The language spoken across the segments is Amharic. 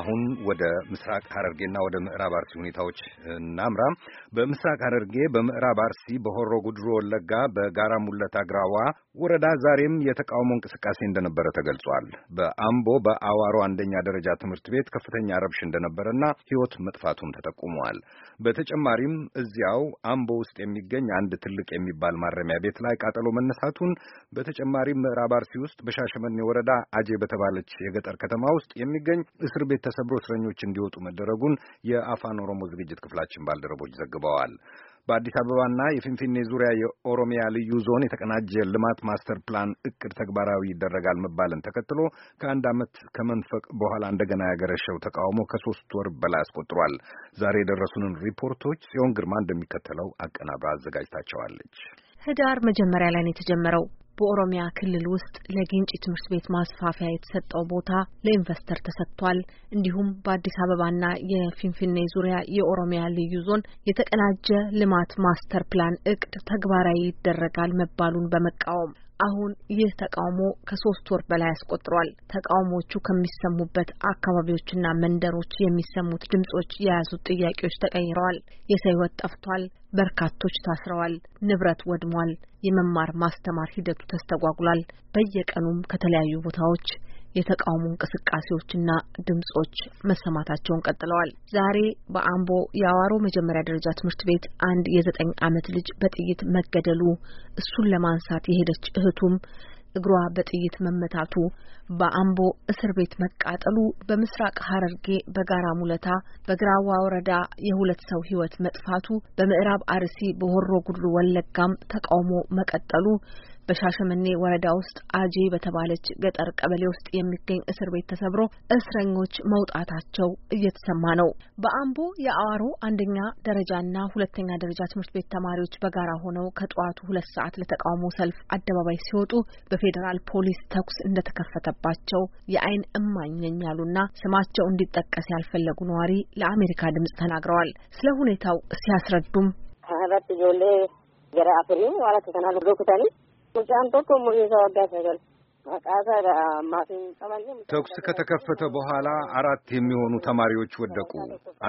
አሁን ወደ ምስራቅ ሐረርጌና ወደ ምዕራብ አርሲ ሁኔታዎች እናምራ። በምስራቅ ሐረርጌ፣ በምዕራብ አርሲ፣ በሆሮ ጉድሮ ወለጋ፣ በጋራ ሙለታ ግራዋ ወረዳ ዛሬም የተቃውሞ እንቅስቃሴ እንደነበረ ተገልጿል። በአምቦ በአዋሮ አንደኛ ደረጃ ትምህርት ቤት ከፍተኛ ረብሽ እንደነበረና ሕይወት መጥፋቱም ተጠቁመዋል። በተጨማሪም እዚያው አምቦ ውስጥ የሚገኝ አንድ ትልቅ የሚባል ማረሚያ ቤት ላይ ቃጠሎ መነሳቱን በተጨማሪም ምዕራብ አርሲ ውስጥ በሻሸመኔ ወረዳ አጄ በተባለች የገጠር ከተማ ውስጥ የሚገኝ እስር ቤት ተሰብሮ እስረኞች እንዲወጡ መደረጉን የአፋን ኦሮሞ ዝግጅት ክፍላችን ባልደረቦች ዘግበዋል። በአዲስ አበባና የፊንፊኔ ዙሪያ የኦሮሚያ ልዩ ዞን የተቀናጀ ልማት ማስተር ፕላን እቅድ ተግባራዊ ይደረጋል መባልን ተከትሎ ከአንድ ዓመት ከመንፈቅ በኋላ እንደገና ያገረሸው ተቃውሞ ከሶስት ወር በላይ አስቆጥሯል። ዛሬ የደረሱንን ሪፖርቶች ጽዮን ግርማ እንደሚከተለው አቀናብራ አዘጋጅታቸዋለች። ህዳር መጀመሪያ ላይ ነው የተጀመረው። በኦሮሚያ ክልል ውስጥ ለግንጭ ትምህርት ቤት ማስፋፊያ የተሰጠው ቦታ ለኢንቨስተር ተሰጥቷል። እንዲሁም በአዲስ አበባና የፊንፊኔ ዙሪያ የኦሮሚያ ልዩ ዞን የተቀናጀ ልማት ማስተር ፕላን እቅድ ተግባራዊ ይደረጋል መባሉን በመቃወም አሁን ይህ ተቃውሞ ከሶስት ወር በላይ አስቆጥሯል። ተቃውሞዎቹ ከሚሰሙበት አካባቢዎችና መንደሮች የሚሰሙት ድምጾች የያዙት ጥያቄዎች ተቀይረዋል። የሰው ሕይወት ጠፍቷል። በርካቶች ታስረዋል። ንብረት ወድሟል። የመማር ማስተማር ሂደቱ ተስተጓጉሏል። በየቀኑም ከተለያዩ ቦታዎች የተቃውሞ እንቅስቃሴዎችና ድምጾች መሰማታቸውን ቀጥለዋል። ዛሬ በአምቦ የአዋሮ መጀመሪያ ደረጃ ትምህርት ቤት አንድ የዘጠኝ ዓመት ልጅ በጥይት መገደሉ እሱን ለማንሳት የሄደች እህቱም እግሯ በጥይት መመታቱ በአምቦ እስር ቤት መቃጠሉ በምስራቅ ሐረርጌ በጋራ ሙለታ በግራዋ ወረዳ የሁለት ሰው ሕይወት መጥፋቱ በምዕራብ አርሲ በሆሮ ጉድሩ ወለጋም ተቃውሞ መቀጠሉ በሻሸመኔ ወረዳ ውስጥ አጄ በተባለች ገጠር ቀበሌ ውስጥ የሚገኝ እስር ቤት ተሰብሮ እስረኞች መውጣታቸው እየተሰማ ነው። በአምቦ የአዋሮ አንደኛ ደረጃና ሁለተኛ ደረጃ ትምህርት ቤት ተማሪዎች በጋራ ሆነው ከጠዋቱ ሁለት ሰዓት ለተቃውሞ ሰልፍ አደባባይ ሲወጡ በፌዴራል ፖሊስ ተኩስ እንደተከፈተባቸው የአይን እማኝ ነኝ ያሉና ስማቸው እንዲጠቀስ ያልፈለጉ ነዋሪ ለአሜሪካ ድምጽ ተናግረዋል። ስለ ሁኔታው ሲያስረዱም ተኩስ ከተከፈተ በኋላ አራት የሚሆኑ ተማሪዎች ወደቁ።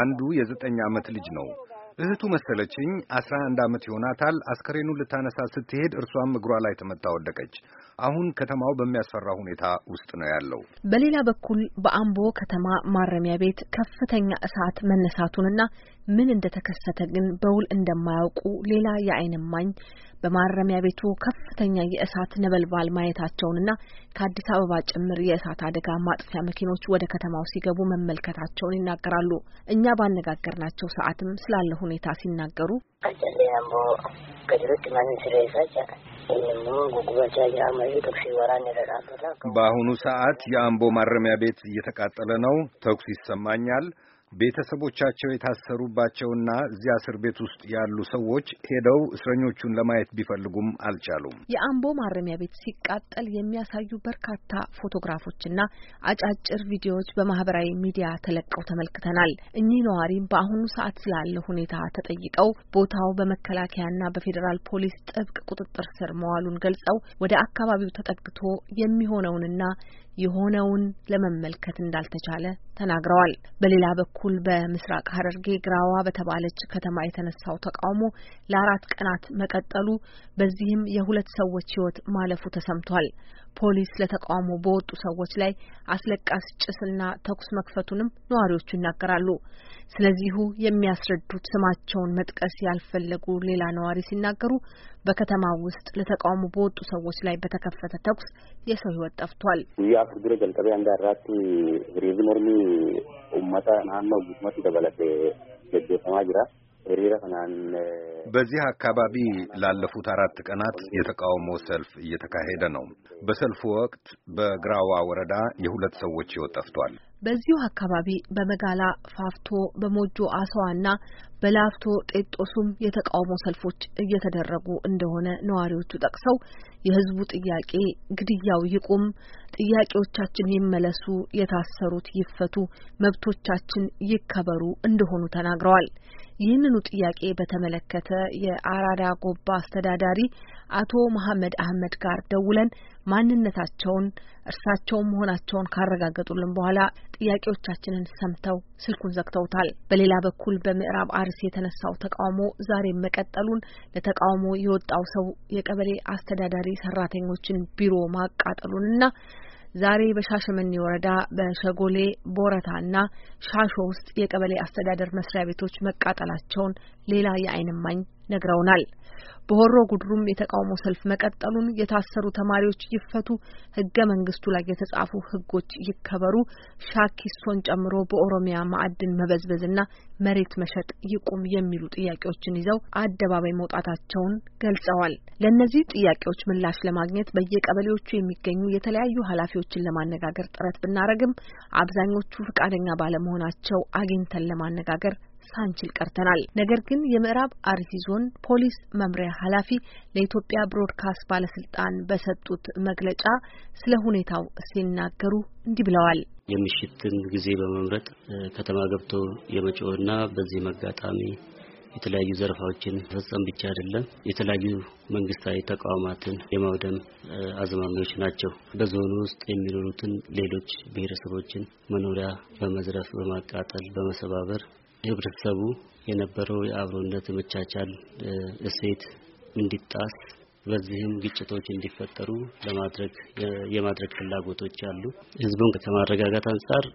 አንዱ የዘጠኝ ዓመት ልጅ ነው። እህቱ መሰለችኝ አስራ አንድ ዓመት ይሆናታል። አስከሬኑን ልታነሳ ስትሄድ እርሷም እግሯ ላይ ተመታ ወደቀች። አሁን ከተማው በሚያስፈራ ሁኔታ ውስጥ ነው ያለው። በሌላ በኩል በአምቦ ከተማ ማረሚያ ቤት ከፍተኛ እሳት መነሳቱንና ምን እንደተከሰተ ግን በውል እንደማያውቁ ሌላ የዓይን እማኝ በማረሚያ ቤቱ ከፍተኛ የእሳት ነበልባል ማየታቸውንና ከአዲስ አበባ ጭምር የእሳት አደጋ ማጥፊያ መኪኖች ወደ ከተማው ሲገቡ መመልከታቸውን ይናገራሉ። እኛ ባነጋገርናቸው ሰዓትም ስላለ ሁኔታ ሲናገሩ በአሁኑ ሰዓት የአምቦ ማረሚያ ቤት እየተቃጠለ ነው። ተኩስ ይሰማኛል። ቤተሰቦቻቸው የታሰሩባቸውና እዚያ እስር ቤት ውስጥ ያሉ ሰዎች ሄደው እስረኞቹን ለማየት ቢፈልጉም አልቻሉም። የአምቦ ማረሚያ ቤት ሲቃጠል የሚያሳዩ በርካታ ፎቶግራፎችና አጫጭር ቪዲዮዎች በማህበራዊ ሚዲያ ተለቀው ተመልክተናል። እኚህ ነዋሪም በአሁኑ ሰዓት ስላለ ሁኔታ ተጠይቀው ቦታው በመከላከያና በፌዴራል ፖሊስ ጥብቅ ቁጥጥር ስር መዋሉን ገልጸው ወደ አካባቢው ተጠግቶ የሚሆነውንና የሆነውን ለመመልከት እንዳልተቻለ ተናግረዋል። በሌላ በኩል በምስራቅ ሐረርጌ ግራዋ በተባለች ከተማ የተነሳው ተቃውሞ ለአራት ቀናት መቀጠሉ በዚህም የሁለት ሰዎች ሕይወት ማለፉ ተሰምቷል። ፖሊስ ለተቃውሞ በወጡ ሰዎች ላይ አስለቃስ ጭስና ተኩስ መክፈቱንም ነዋሪዎቹ ይናገራሉ። ስለዚሁ የሚያስረዱት ስማቸውን መጥቀስ ያልፈለጉ ሌላ ነዋሪ ሲናገሩ በከተማ ውስጥ ለተቃውሞ በወጡ ሰዎች ላይ በተከፈተ ተኩስ የሰው ሕይወት ጠፍቷል። በዚህ አካባቢ ላለፉት አራት ቀናት የተቃውሞ ሰልፍ እየተካሄደ ነው። በሰልፉ ወቅት በግራዋ ወረዳ የሁለት ሰዎች ሕይወት ጠፍቷል። በዚሁ አካባቢ በመጋላ ፋፍቶ፣ በሞጆ አሰዋ በላፍቶ ጤጦሱም የተቃውሞ ሰልፎች እየተደረጉ እንደሆነ ነዋሪዎቹ ጠቅሰው የህዝቡ ጥያቄ ግድያው ይቁም፣ ጥያቄዎቻችን ይመለሱ፣ የታሰሩት ይፈቱ፣ መብቶቻችን ይከበሩ እንደሆኑ ተናግረዋል። ይህንኑ ጥያቄ በተመለከተ የአራዳ ጎባ አስተዳዳሪ አቶ መሐመድ አህመድ ጋር ደውለን ማንነታቸውን እርሳቸውን መሆናቸውን ካረጋገጡልን በኋላ ጥያቄዎቻችንን ሰምተው ስልኩን ዘግተውታል። በሌላ በኩል በምዕራብ አርሲ የተነሳው ተቃውሞ ዛሬ መቀጠሉን ለተቃውሞ የወጣው ሰው የቀበሌ አስተዳዳሪ ሰራተኞችን ቢሮ ማቃጠሉንና ዛሬ በሻሸመኔ ወረዳ በሸጎሌ እና ሻሾ ውስጥ የቀበሌ አስተዳደር መስሪያ ቤቶች መቃጠላቸውን ሌላ የአይን እማኝ ነግረውናል። በሆሮ ጉድሩም የተቃውሞ ሰልፍ መቀጠሉን፣ የታሰሩ ተማሪዎች ይፈቱ፣ ህገ መንግስቱ ላይ የተጻፉ ህጎች ይከበሩ፣ ሻኪሶን ጨምሮ በኦሮሚያ ማዕድን መበዝበዝና መሬት መሸጥ ይቁም የሚሉ ጥያቄዎችን ይዘው አደባባይ መውጣታቸውን ገልጸዋል። ለእነዚህ ጥያቄዎች ምላሽ ለማግኘት በየቀበሌዎቹ የሚገኙ የተለያዩ ኃላፊዎችን ለማነጋገር ጥረት ብናደርግም አብዛኞቹ ፈቃደኛ ባለመሆናቸው አግኝተን ለማነጋገር ሳንችል ቀርተናል። ነገር ግን የምዕራብ አርሲ ዞን ፖሊስ መምሪያ ኃላፊ ለኢትዮጵያ ብሮድካስት ባለስልጣን በሰጡት መግለጫ ስለ ሁኔታው ሲናገሩ እንዲህ ብለዋል። የምሽትን ጊዜ በመምረጥ ከተማ ገብቶ የመጮህና በዚህ መጋጣሚ የተለያዩ ዘረፋዎችን ፈጸም ብቻ አይደለም የተለያዩ መንግስታዊ ተቋማትን የማውደም አዝማሚዎች ናቸው። በዞኑ ውስጥ የሚኖሩትን ሌሎች ብሔረሰቦችን መኖሪያ በመዝረፍ፣ በማቃጠል፣ በመሰባበር ህብረተሰቡ የነበረው የአብሮነት መቻቻል እሴት እንዲጣስ በዚህም ግጭቶች እንዲፈጠሩ ለማድረግ የማድረግ ፍላጎቶች አሉ። ህዝቡን ከማረጋጋት አንጻር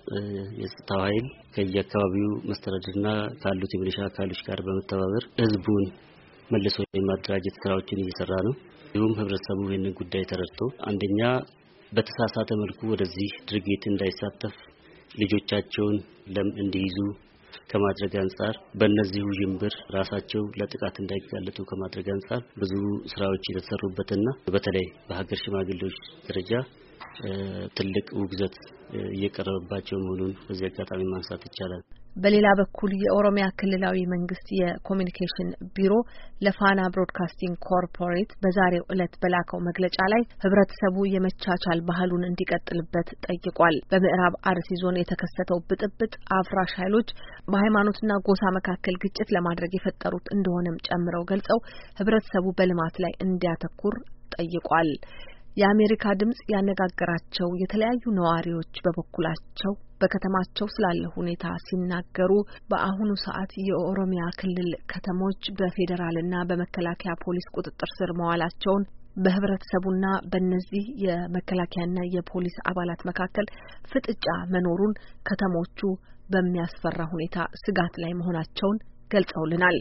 የጸጥታው ኃይል ከየአካባቢው መስተዳድርና ካሉት የሚሊሻ አካሎች ጋር በመተባበር ህዝቡን መልሶ የማደራጀት ስራዎችን እየሰራ ነው። እንዲሁም ህብረተሰቡ ይህንን ጉዳይ ተረድቶ አንደኛ በተሳሳተ መልኩ ወደዚህ ድርጊት እንዳይሳተፍ ልጆቻቸውን ለም እንዲይዙ ከማድረግ አንጻር በእነዚሁ ዥንብር ራሳቸው ለጥቃት እንዳይጋለጡ ከማድረግ አንጻር ብዙ ስራዎች የተሰሩበትና በተለይ በሀገር ሽማግሌዎች ደረጃ ትልቅ ውግዘት እየቀረበባቸው መሆኑን በዚህ አጋጣሚ ማንሳት ይቻላል። በሌላ በኩል የኦሮሚያ ክልላዊ መንግስት የኮሚኒኬሽን ቢሮ ለፋና ብሮድካስቲንግ ኮርፖሬት በዛሬው ዕለት በላከው መግለጫ ላይ ህብረተሰቡ የመቻቻል ባህሉን እንዲቀጥልበት ጠይቋል። በምዕራብ አርሲ ዞን የተከሰተው ብጥብጥ አፍራሽ ኃይሎች በሃይማኖትና ጎሳ መካከል ግጭት ለማድረግ የፈጠሩት እንደሆነም ጨምረው ገልጸው ህብረተሰቡ በልማት ላይ እንዲያተኩር ጠይቋል። የአሜሪካ ድምጽ ያነጋገራቸው የተለያዩ ነዋሪዎች በበኩላቸው በከተማቸው ስላለ ሁኔታ ሲናገሩ በአሁኑ ሰዓት የኦሮሚያ ክልል ከተሞች በፌዴራልና በመከላከያ ፖሊስ ቁጥጥር ስር መዋላቸውን በህብረተሰቡና በእነዚህ የመከላከያና የፖሊስ አባላት መካከል ፍጥጫ መኖሩን ከተሞቹ በሚያስፈራ ሁኔታ ስጋት ላይ መሆናቸውን ገልጸውልናል።